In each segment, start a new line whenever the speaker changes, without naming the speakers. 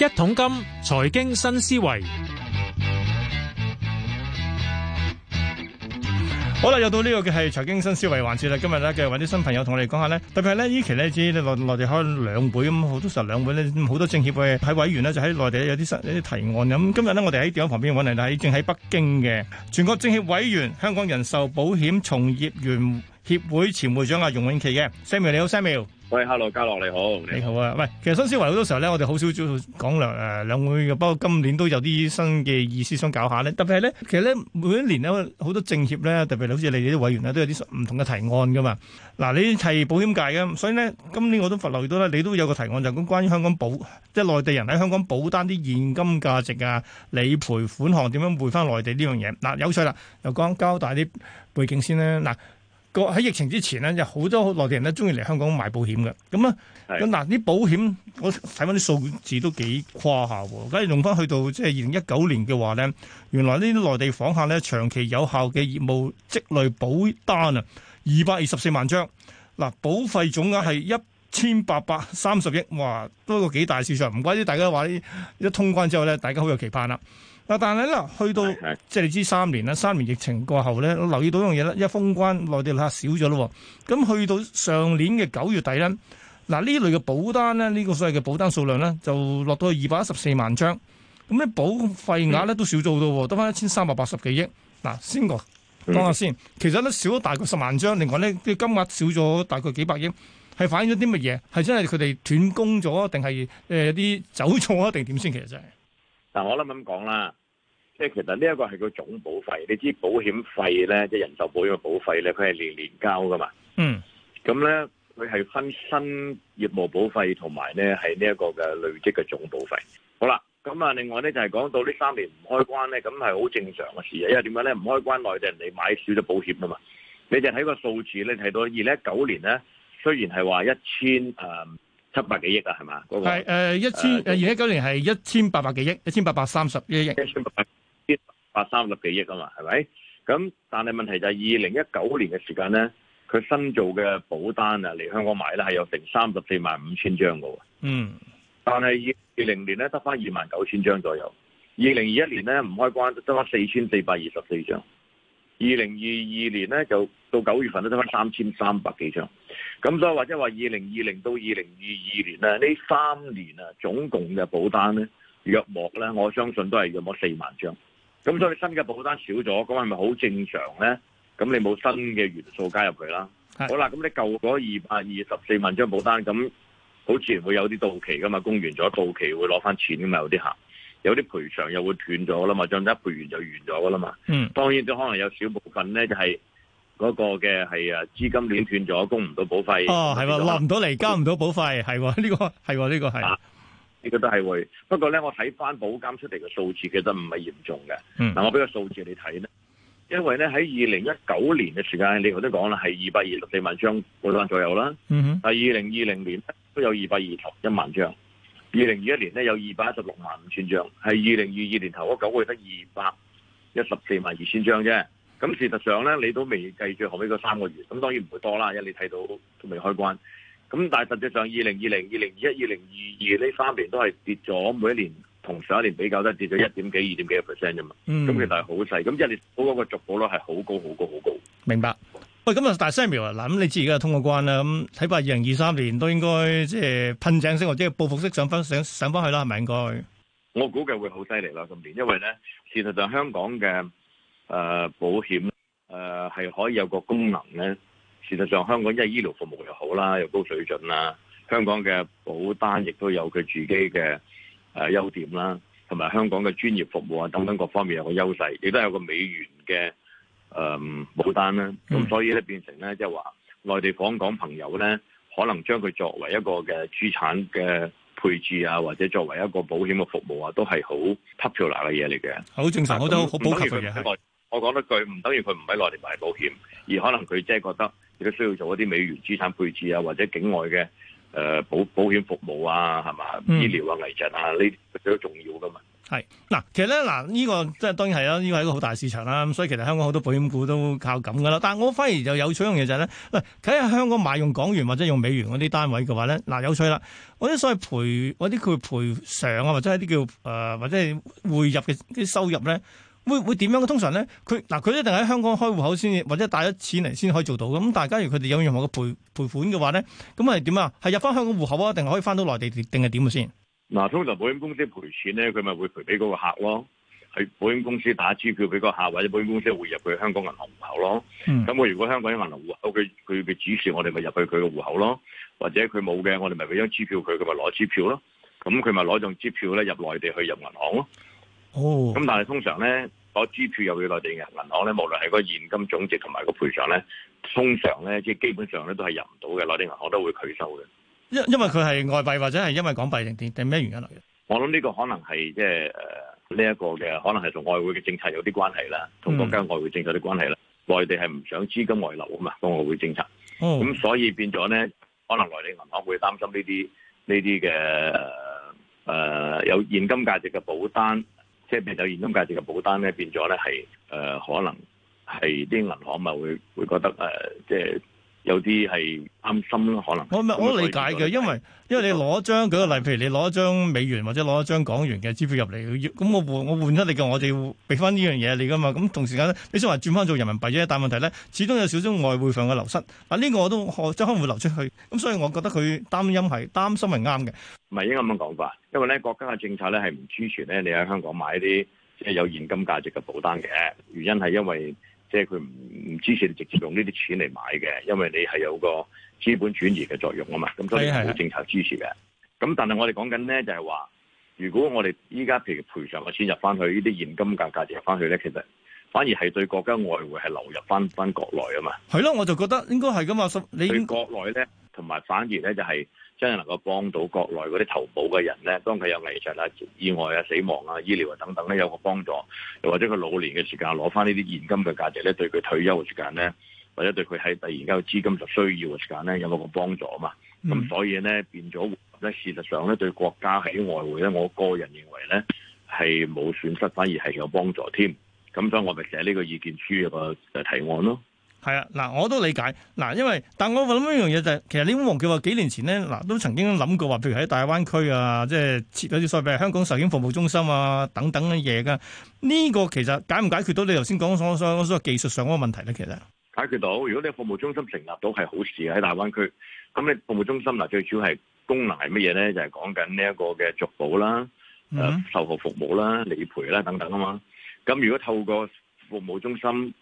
一桶金財經新思維，好啦，又到呢個嘅係財經新思維環節啦。今日咧，嘅揾啲新朋友同我哋講下咧，特別係咧呢期咧，知內內地開兩會咁，好多時候兩會咧，好多政協嘅喺委員咧就喺內地有啲新有啲提案咁。今日咧，我哋喺電話旁邊揾嚟，係正喺北京嘅全國政協委員、香港人壽保險從業員。協會前會長阿容永祺嘅 Samuel 你好，Samuel，
喂，Hello，嘉樂你好，你好，你好啊，喂，
其實新思維好多時候咧，我哋好少講兩誒兩會嘅，不過今年都有啲新嘅意思想搞一下咧，特別係咧，其實咧每一年咧好多政協咧，特別好似你哋啲委員咧，都有啲唔同嘅提案噶嘛。嗱，你提保險界嘅，所以咧，今年我都伏留意到咧，你都有個提案就咁關於香港保，即係內地人喺香港保單啲現金價值啊、理賠款項點樣匯返內地呢樣嘢。嗱，有趣啦，又講交代啲背景先啦。嗱。喺疫情之前咧，有好多內地人咧中意嚟香港買保險嘅。咁啊，咁嗱啲保險，我睇翻啲數字都幾誇下喎。假如用翻去到即係二零一九年嘅話咧，原來呢啲內地訪客咧長期有效嘅業務積累保單啊，二百二十四萬張。嗱，保費總額係一千八百三十億，哇，多過幾大市場。唔怪之大家話啲一通關之後咧，大家好有期盼啦。但係咧，去到 即係你知三年啦，三年疫情過後咧，我留意到一樣嘢啦：一封關內地旅客少咗咯喎，咁去到上年嘅九月底咧，嗱呢一類嘅保單咧，呢、呢個所謂嘅保單數量咧，就落到去二百一十四萬張，咁咧保費額咧都少咗好多喎，得翻一千三百八十幾億。嗱，先個講下先，其實咧少咗大概十萬張，另外咧嘅金額少咗大概幾百億，係反映咗啲乜嘢？係真係佢哋斷供咗，定係有啲走錯咗，定點先？其實真係。嗱，
我諗咁講啦。即係其實呢一個係個總保費，你知保險費咧，即係人壽保險嘅保費咧，佢係年年交噶嘛。嗯。咁咧，佢係分新業務保費同埋咧係呢一個嘅累積嘅總保費。好啦，咁啊，另外咧就係講到呢三年唔開關咧，咁係好正常嘅事。因為點解咧？唔開關內地人你買少咗保險啊嘛。你就睇個數字咧，睇到二零一九年咧，雖然係話一千誒七百幾億啊，係嘛？係誒一
千誒二零一九年係一千八百幾億，一千八百三十億。一千八百
三十幾億啊嘛，係咪？咁但係問題就係二零一九年嘅時間呢，佢新造嘅保單啊，嚟香港買咧係有成三十四萬五千張噶喎。嗯，但係二零年咧得翻二萬九千張左右，二零二一年咧唔開關得翻四千四百二十四張，二零二二年咧就到九月份都得翻三千三百幾張。咁所以或者話二零二零到二零二二年咧呢這三年啊，總共嘅保單咧，約莫咧我相信都係約莫四萬張。咁所以新嘅保單少咗，咁係咪好正常咧？咁你冇新嘅元素加入佢啦。好啦，咁你舊咗二百二十四萬張保單，咁好似會有啲到期噶嘛？供完咗到期會攞翻錢噶嘛？有啲客有啲賠償又會斷咗啦嘛？將一賠完就完咗噶啦嘛。嗯，當然都可能有少部分咧，就係嗰個嘅係啊資金鏈斷咗，供唔到保費。哦，
係嘛，攞唔到嚟交唔到保費，係呢個係呢個係。
呢個都係會，不過咧，我睇翻保監出嚟嘅數字，其實唔係嚴重嘅。嗱、嗯，我俾個數字你睇咧，因為咧喺二零一九年嘅時間，你頭先講啦，係二百二十四萬張保單左右啦。但二零二零年都有二百二十一萬張，二零二一年咧有二百一十六萬五千張，係二零二二年頭嗰九個月得二百一十四萬二千張啫。咁事實上咧，你都未計最後尾嗰三個月，咁當然唔會多啦，因為你睇到都未開關。咁但係實際上，二零二零、二零二一、二零二二呢三年都係跌咗，每一年同上一年比較都係跌咗、嗯、一點幾、二點幾嘅 percent 啫嘛。咁其實係好細，咁即係你嗰個個續保率係好高、好高、好高。
明白。喂，咁啊，大 Samuel 啊，嗱，咁你知而家通過關啦，咁睇怕二零二三年都應該即係、呃、噴井式或者報復式上翻上上翻去啦，係咪應該？
我估計會好犀利啦，今年，因為咧事實上香港嘅誒、呃、保險誒係、呃、可以有個功能咧。事實上，香港因為醫療服務又好啦，又高水準啦，香港嘅保單亦都有佢自己嘅誒優點啦，同埋香港嘅專業服務啊，等等各方面有個優勢，亦都有個美元嘅誒保單啦。咁所以咧，變成咧即係話，內地訪港朋友咧，可能將佢作為一個嘅資產嘅配置啊，或者作為一個保險嘅服務啊，都係好 popular 嘅嘢嚟嘅。好正常，我都好補給嘅喺我講一句，唔等於佢唔喺內地買保險，而可能佢即係覺得。如果需要做一啲美元資產配置啊，或者境外嘅誒、呃、保保險服務啊，係嘛、嗯、醫療啊、危疾啊，呢啲都重要噶嘛。
係嗱，其實咧嗱，呢、呢個即係當然係啦，呢、呢個係一個好大市場啦。咁所以其實香港好多保險股都靠咁噶啦。但係我反而就有趣一樣嘢就係、係、咧，嗱，睇下香港買用港元或者用美元嗰啲單位嘅話咧，嗱有趣啦，我啲所謂賠，我啲佢賠償啊，或者係一啲叫誒、呃，或者係匯入嘅啲收入咧。會會點樣？通常咧，佢嗱佢一定喺香港開戶口先，或者帶咗錢嚟先可以做到。咁但係假如佢哋有任何嘅賠賠款嘅話咧，咁係點啊？係入翻香港戶口啊，定係可以翻到內地定係點先？
嗱，通常保險公司賠錢咧，佢咪會賠俾嗰個客咯。喺保險公司打支票俾個客，或者保險公司會入去香港銀行戶口咯。咁、嗯、我如果香港銀行戶口佢佢嘅指示，我哋咪入去佢嘅戶口咯。或者佢冇嘅，我哋咪俾張支票佢，佢咪攞支票咯。咁佢咪攞張支票咧入內地去入銀行咯。
哦。咁
但係通常咧。我支票入去內地嘅銀行咧，無論係個現金總值同埋個賠償咧，通常咧即係基本上咧都係入唔到嘅，內地銀行都會拒收嘅。
因因為佢係外幣或者係因為港幣定定咩原因嚟嘅？
我諗呢個可能係即係誒呢一個嘅，可能係同外匯嘅政策有啲關係啦，同國家外匯政策有啲關係啦。內、嗯、地係唔想資金外流啊嘛，個外匯政策。
咁、哦、
所以變咗咧，可能內地銀行會擔心呢啲呢啲嘅誒有現金價值嘅保單。即係未有現金價值嘅保單咧，變咗咧係呃、可能係啲銀行咪會會覺得，呃、即係有啲係擔心咯，可能我咪我理解
嘅，因為因為你攞張，舉個例，譬如你攞一張美元或者攞一張港元嘅支票入嚟，咁我換我換咗你嘅，我哋要俾翻呢樣嘢你噶嘛。咁同時間咧，你想話轉翻做人民幣啫，但係問題咧，始終有少少外匯上嘅流失。嗱、這、呢個我都可，即可能會流出去。咁所以我覺得佢擔心係擔心係啱嘅。唔係應該咁樣
講法，因為咧國家嘅政策咧係唔支持咧你喺香港買啲即係有現金價值嘅保單嘅原因係因為。即係佢唔唔支持你直接用呢啲錢嚟買嘅，因為你係有個資本轉移嘅作用啊嘛。咁所以係政策支持嘅。咁但係我哋講緊咧就係話，如果我哋依家譬如賠償嘅錢入翻去，呢啲現金價價值入翻去咧，其實反而係對國家外匯係流入翻翻國內啊嘛。係咯，我就覺得應該係噉話。你國內咧，同埋反而咧就係、是。真係能夠幫到國內嗰啲投保嘅人咧，當佢有危疾啊、意外啊、死亡啊、醫療啊等等咧，有個幫助，又或者佢老年嘅時間攞翻呢啲現金嘅價值咧，對佢退休嘅時間咧，或者對佢喺突然間有資金就需要嘅時間咧，有個幫助啊嘛。咁、mm. 所以咧變咗咧，事實上咧對國家喺外匯咧，我個人認為咧係冇損失，反而係有幫助添。咁所以我咪寫呢個意見書個提案咯。
係啊，嗱，我都理解，嗱，因為，但我諗一樣嘢就係、是，其實你黃叫話幾年前咧，嗱，都曾經諗過話，譬如喺大灣區啊，即係設咗啲所謂香港壽險服務中心啊，等等嘅嘢噶。呢、這個其實解唔解決到你頭先講所所所謂技術上嗰個問題咧？其實
解決到，如果你服務中心成立到係好事喺大灣區，咁你服務中心嗱，最主要係功能係乜嘢咧？就係講緊呢一個嘅續保啦、誒售後服務啦、理賠啦等等啊嘛。咁如果透過服務中心。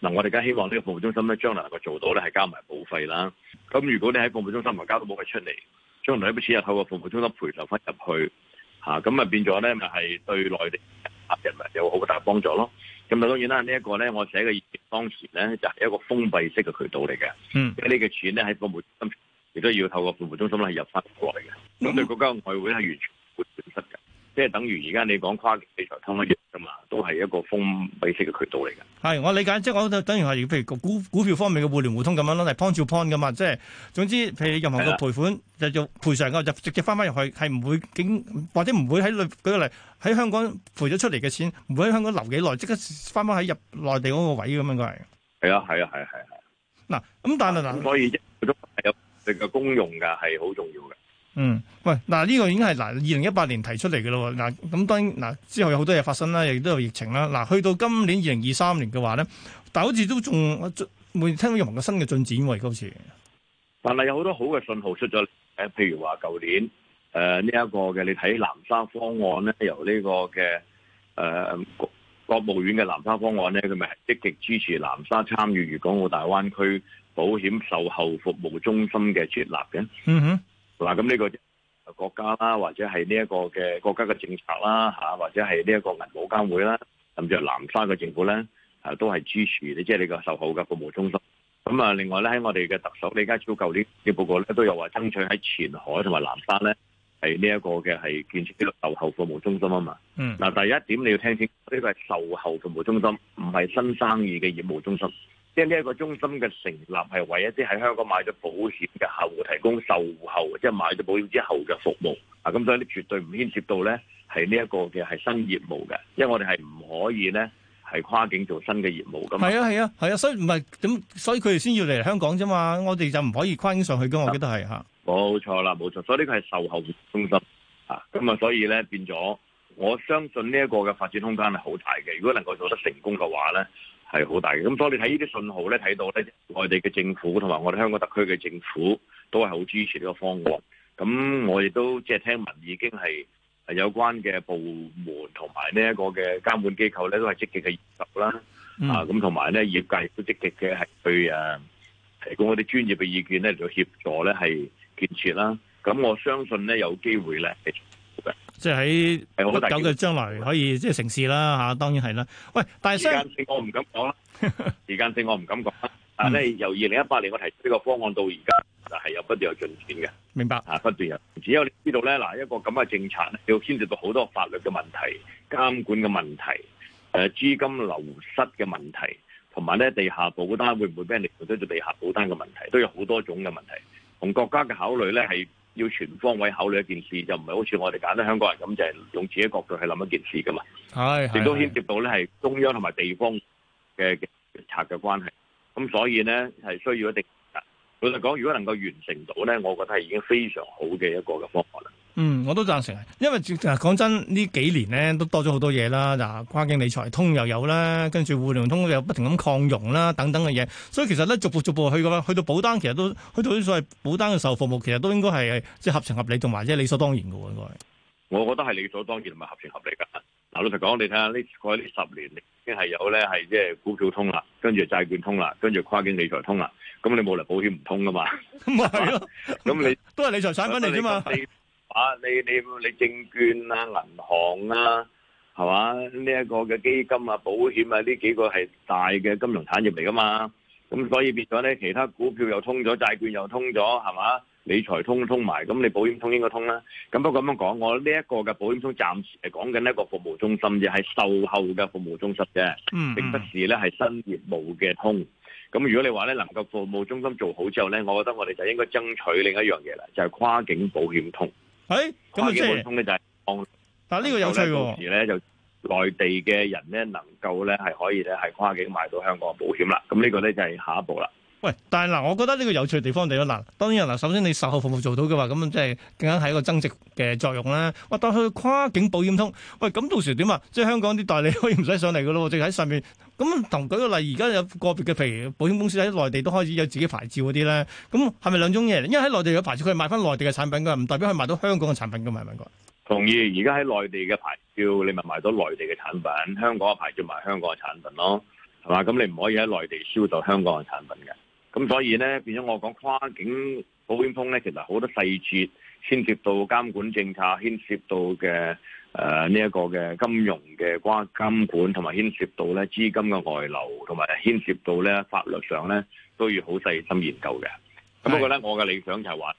嗱，我哋而家希望呢個服務中心咧，將來能夠做到咧，係交埋保費啦。咁如果你喺服務中心唔交到保費出嚟，將來啲錢又透過服務中心賠償翻入去，嚇咁啊，變咗咧，咪係對內地客人咪有好大幫助咯。咁啊當然啦，呢一個咧，我寫嘅意見，當時咧就係一個封閉式嘅渠道嚟嘅。嗯。你嘅錢咧喺服務中心，亦都要透過服務中心咧入翻過嚟嘅。咁對國家嘅外匯係完全冇損失嘅。即係等於而家你講跨境理財通一樣噶嘛，都係一個封閉式嘅渠道嚟
嘅。係，我理解即係我等於是，等如話，如譬如股股票方面嘅互聯互通咁樣咯，係 point to point 噶嘛。即係總之，譬如任何個賠款就做賠償嘅，就直接翻翻入去，係唔會經或者唔會喺舉個例喺香港賠咗出嚟嘅錢唔會喺香港留幾耐，即刻翻翻喺入內地嗰個位咁樣嘅
係。係啊，係啊，係係係。
嗱咁、啊啊、但係嗱、啊，
所以佢都係有佢嘅功用嘅，係好重要嘅。
嗯，喂，嗱呢個已經係嗱二零一八年提出嚟嘅咯，嗱咁當然嗱之後有好多嘢發生啦，亦都有疫情啦，嗱去到今年二零二三年嘅話咧，但係好似都仲仲會聽到任何嘅新嘅進展喎？嗰次，
但係有好多好嘅信號出咗，譬如話舊年誒呢一個嘅你睇南沙方案咧，由呢、這個嘅誒國務院嘅南沙方案咧，佢咪係積極支持南沙參與粵港澳大灣區保險售後服務中心嘅設立嘅。嗯哼。嗱，咁呢個國家啦，或者係呢一個嘅國家嘅政策啦，或者係呢一個銀保監會啦，甚至係南沙嘅政府咧，都係支持即係呢個售後嘅服務中心。咁啊，另外咧喺我哋嘅特首，呢家超舊啲嘅報告咧都有話爭取喺前海同埋南沙咧，係呢一個嘅係建設個售後服務中心啊嘛。嗯。嗱，第一點你要聽清，呢個係售後服務中心，唔、嗯、係、這個、新生意嘅業務中心。即呢一個中心嘅成立，係為一啲喺香港買咗保險嘅客戶提供售後，即係買咗保險之後嘅服務啊！咁所以呢，絕對唔牽涉到咧係呢一個嘅係新業務嘅，因為我哋係唔可以咧係跨境做新嘅業務，咁係啊
係啊係啊，所以唔係點，所以佢哋先要嚟香港啫嘛，我哋就唔可以跨境上去噶。我記得係吓，
冇錯啦，冇錯。所以呢個係售後中心啊，咁啊，所以咧變咗，我相信呢一個嘅發展空間係好大嘅。如果能夠做得成功嘅話咧，係好大嘅，咁所以你睇呢啲信號咧，睇到咧，內地嘅政府同埋我哋香港特區嘅政府都係好支持呢個方案。咁我亦都即係聽聞已經係有關嘅部門同埋呢一個嘅監管機構咧，都係積極嘅研究啦。啊，咁同埋咧業界亦都積極嘅係去誒提供一啲專業嘅意見咧，嚟到協助咧係建設啦。咁我相信咧有機會咧
即係喺不久嘅將來可以即係成事啦嚇，當然係啦。喂，但係時間
性我唔敢講啦，時間性我唔敢講啦。即 由二零一八年我提出呢個方案到而家，就係有不斷有進展嘅。
明白嚇、啊、不
斷有進展。只有你知道咧，嗱一個咁嘅政策咧，要牽涉到好多法律嘅問題、監管嘅問題、誒資金流失嘅問題，同埋咧地下保單會唔會俾人利用咗做地下保單嘅問題，都有好多種嘅問題，同國家嘅考慮咧係。是要全方位考慮一件事，就唔係好似我哋簡單香港人咁，就係、是、用自己角度去諗一件事噶嘛。
係，亦都牽
涉到咧係中央同埋地方嘅嘅策嘅關係。咁所以咧係需要一定。老實講，如果能夠完成到咧，我覺得係已經非常好嘅一個嘅方案啦。嗯，
我都贊成啊，因為講真，呢幾年咧都多咗好多嘢啦。就跨境理財通又有啦，跟住互聯通又不停咁擴容啦，等等嘅嘢。所以其實咧，逐步逐步去咁樣去到保單，其實都去到所謂保單嘅售服務，其實都應該係即係合情合理，同埋即係理所當然嘅。應該，
我覺得係理所當然同埋合情合理噶。嗱、啊，老實講，你睇下呢十年已經係有咧，係即係股票通啦，跟住債券通啦，跟住跨境理財通、通 啦，咁你冇嚟，保險唔通噶嘛？咁咪係咯，咁你都係理財產品嚟啫嘛？你你你你證券啊、銀行啊，係嘛？呢一個嘅基金啊、保險啊，呢幾個係大嘅金融產業嚟噶嘛？咁所以變咗咧，其他股票又通咗，債券又通咗，係嘛？理財通通埋，咁你保險通應該通啦。咁不過咁樣講，我呢一個嘅保險通暫時係講緊一個服務中心啫，係售後嘅服務中心啫，並不是咧係新業務嘅通。咁如果你話咧能夠服務中心做好之後咧，我覺得我哋就應該爭取另一樣嘢啦，就係、是、跨境保險通。係、欸，跨境保險通咧就係、是，但係呢個有趣喎。同時咧就內地嘅人咧能夠咧係可以咧係跨境買到香港嘅保險啦。咁呢個咧就係下
一步啦。喂，但係嗱，我覺得呢個有趣嘅地方地度嗱，當然啦，首先你售後服務做到嘅話，咁即係更加係一個增值嘅作用啦。喂，到去跨境保險通，喂，咁到時點啊？即係香港啲代理可以唔使上嚟噶咯，即係喺上面。咁同舉個例，而家有個別嘅譬如保險公司喺內地都開始有自己牌照嗰啲咧，咁係咪兩種嘢？因為喺內地有牌照，佢賣翻內地嘅產品，佢唔代表佢賣到香港嘅產品噶嘛？係咪？
同意，而家喺內地嘅牌照，你咪賣到內地嘅產品；香港嘅牌照賣香港嘅產品咯，係嘛？咁你唔可以喺內地銷售香港嘅產品嘅。咁所以咧，變咗我講跨境保險通咧，其實好多細節牽涉到監管政策，牽涉到嘅誒呢一個嘅金融嘅關監管，同埋牽涉到咧資金嘅外流，同埋牽涉到咧法律上咧都要好細心研究嘅。咁不過咧，我嘅理想就係、是、話，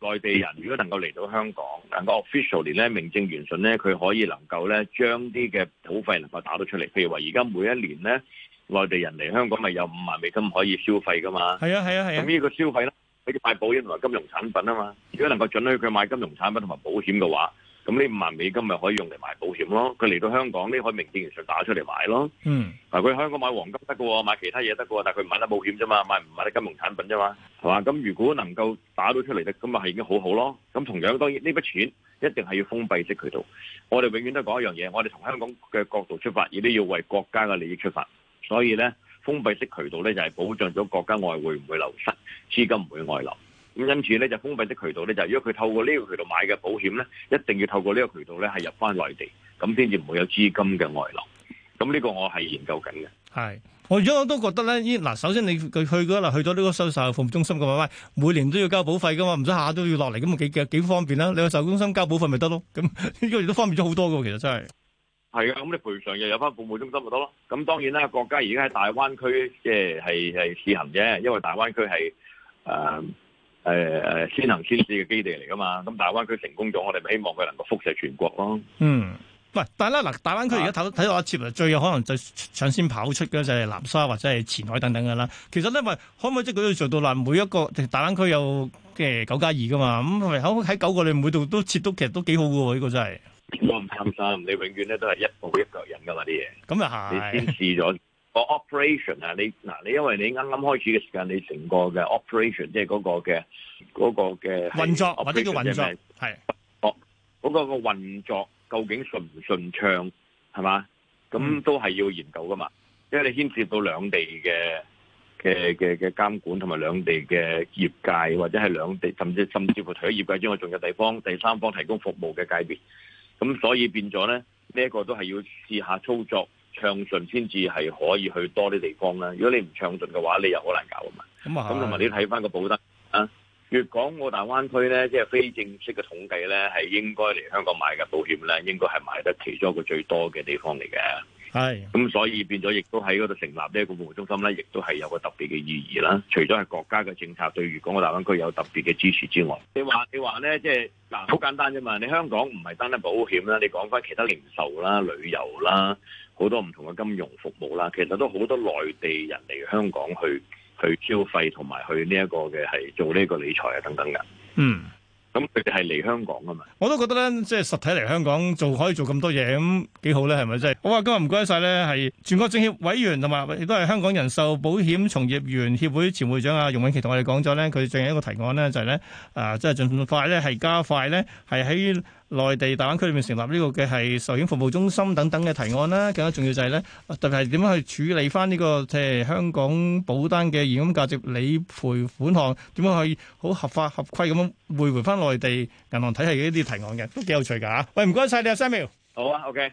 內地人如果能夠嚟到香港，能夠 officially 咧名正言順咧，佢可以能夠咧將啲嘅保費能夠打到出嚟。譬如話，而家每一年咧。內地人嚟香港咪有五萬美金可以消費噶嘛？係啊係啊係啊！咁呢個消費咧，俾啲買保險同埋金融產品啊嘛。如果能夠準許佢買金融產品同埋保險嘅話，咁呢五萬美金咪可以用嚟買保險咯。佢嚟到香港，呢可以名正言順打出嚟買咯。嗯。嗱，佢香港買黃金得㗎喎，買其他嘢得㗎喎，但係佢唔買得保險啫嘛，買唔買得金融產品啫嘛？係嘛？咁如果能夠打到出嚟嘅，咁咪係已經好好咯。咁同樣當然呢筆錢一定係要封閉式渠道。我哋永遠都講一樣嘢，我哋從香港嘅角度出發，亦都要為國家嘅利益出發。所以咧，封閉式渠道咧就係保障咗國家外匯唔會流失，資金唔會外流。咁因此咧，就封閉式渠道咧、就係，就如果佢透過呢個渠道買嘅保險咧，一定要透過呢個渠道咧係入翻內地，咁先至唔會有資金嘅外流。咁呢個我係研究緊嘅。
係，我而家我都覺得咧，依嗱首先你佢去咗嗱去咗呢個售後服務中心嘅話，喂，每年都要交保費㗎嘛，唔使下下都要落嚟，咁幾幾方便啦、啊！你去售後中心交保費咪得咯？咁呢個亦都方便咗好多嘅，其實真係。
係啊，咁你賠償又有翻服務中心咪得咯？咁當然啦，國家而家喺大灣區即係係係試行啫，因為大灣區係誒誒誒先行先試嘅基地嚟噶嘛。咁大灣區成功咗，我哋咪希望佢能夠輻射全國咯。嗯，
喂，但係咧嗱，大灣區而家睇睇到阿 c 最有可能就搶先跑出嘅就係、是、南沙或者係前海等等噶啦。其實咧，咪可唔可以即係佢做到話每一個大灣區有嘅九加二噶嘛？咁係喺九個你每度都設都其實都幾好噶喎、啊，呢、這個真係。
嗯先生、 嗯，你永遠咧都係一步一腳印噶嘛啲嘢，咁又係你先試咗個 operation 啊？你嗱，你因為你啱啱開始嘅時間，你成個嘅 operation，即係嗰個嘅嗰個嘅運作，或者叫運作，係哦，嗰、嗰個嘅運作究竟順唔順暢係嘛？咁都係要研究噶嘛，因為你牽涉到兩地嘅嘅嘅嘅監管，同埋兩地嘅業界，或者係兩地，甚至甚至乎除咗業界之外，仲有地方第三方提供服務嘅界別。咁、嗯、所以變咗咧，呢、這、一個都係要試下操作暢順先至係可以去多啲地方啦。如果你唔暢順嘅話，你又好難搞啊嘛。
咁、嗯、啊，咁同埋你
睇翻個保單啊，粵港澳大灣區咧，即、就、係、是、非正式嘅統計咧，係應該嚟香港買嘅保險咧，應該係買得其中一個最多嘅地方嚟嘅。係，咁所以變咗，亦都喺嗰度成立呢一個服務中心咧，亦都係有個特別嘅意義啦。除咗係國家嘅政策對粵港澳大灣區有特別嘅支持之外，你話你話咧，即係嗱，好簡單啫嘛。你香港唔係單單保險啦，你講翻其他零售啦、旅遊啦，好多唔同嘅金融服務啦，其實都好多內地人嚟香港去去消費，同埋去呢一個嘅係做呢個理財啊等等噶。嗯。咁佢哋係嚟香港啊
嘛，我都覺得咧，即係實體嚟香港做可以做咁多嘢，咁幾好咧，係咪即係好啊，今日唔該晒咧，係全國政協委員同埋亦都係香港人壽保險從業員協會前會長啊容永祺同我哋講咗咧，佢仲有一個提案咧就係、是、咧，啊、呃，即係儘快咧，係加快咧，係喺。內地大灣區裏面成立呢個嘅係壽險服務中心等等嘅提案啦，更加重要就係咧，特別係點樣去處理翻呢個即係香港保單嘅現金價值理賠款項，點樣去好合法合規咁樣匯回翻內地銀行體系嘅一啲提案嘅，都幾有趣㗎嚇、啊。喂，唔該晒你呀，Samuel。
好啊，OK。